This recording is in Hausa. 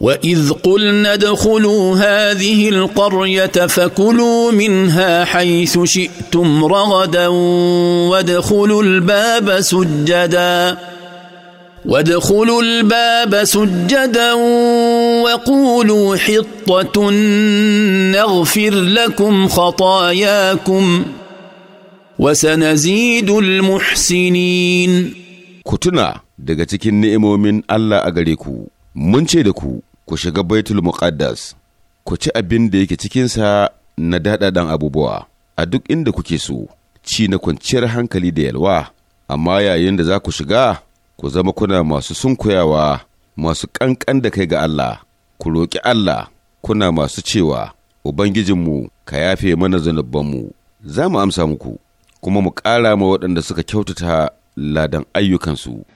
واذ قلنا ادخلوا هذه القريه فكلوا منها حيث شئتم رغدا وادخلوا الباب سجدا وادخلوا الباب سجدا وقولوا حطه نغفر لكم خطاياكم وسنزيد المحسنين كتنا daga cikin من الله a gare ku shiga baitul muqaddas ku ci abin da yake cikinsa na daɗaɗan abubuwa a duk inda kuke so ci na kwanciyar hankali da yalwa amma yayin da za ku shiga ku zama kuna masu sunkuyawa masu ƙanƙan da kai ga Allah ku roƙi Allah kuna masu cewa Ubangijinmu ka yafe mana zunubanmu za mu amsa muku kuma mu ƙara ma waɗanda suka kyautata ladan ayyukansu.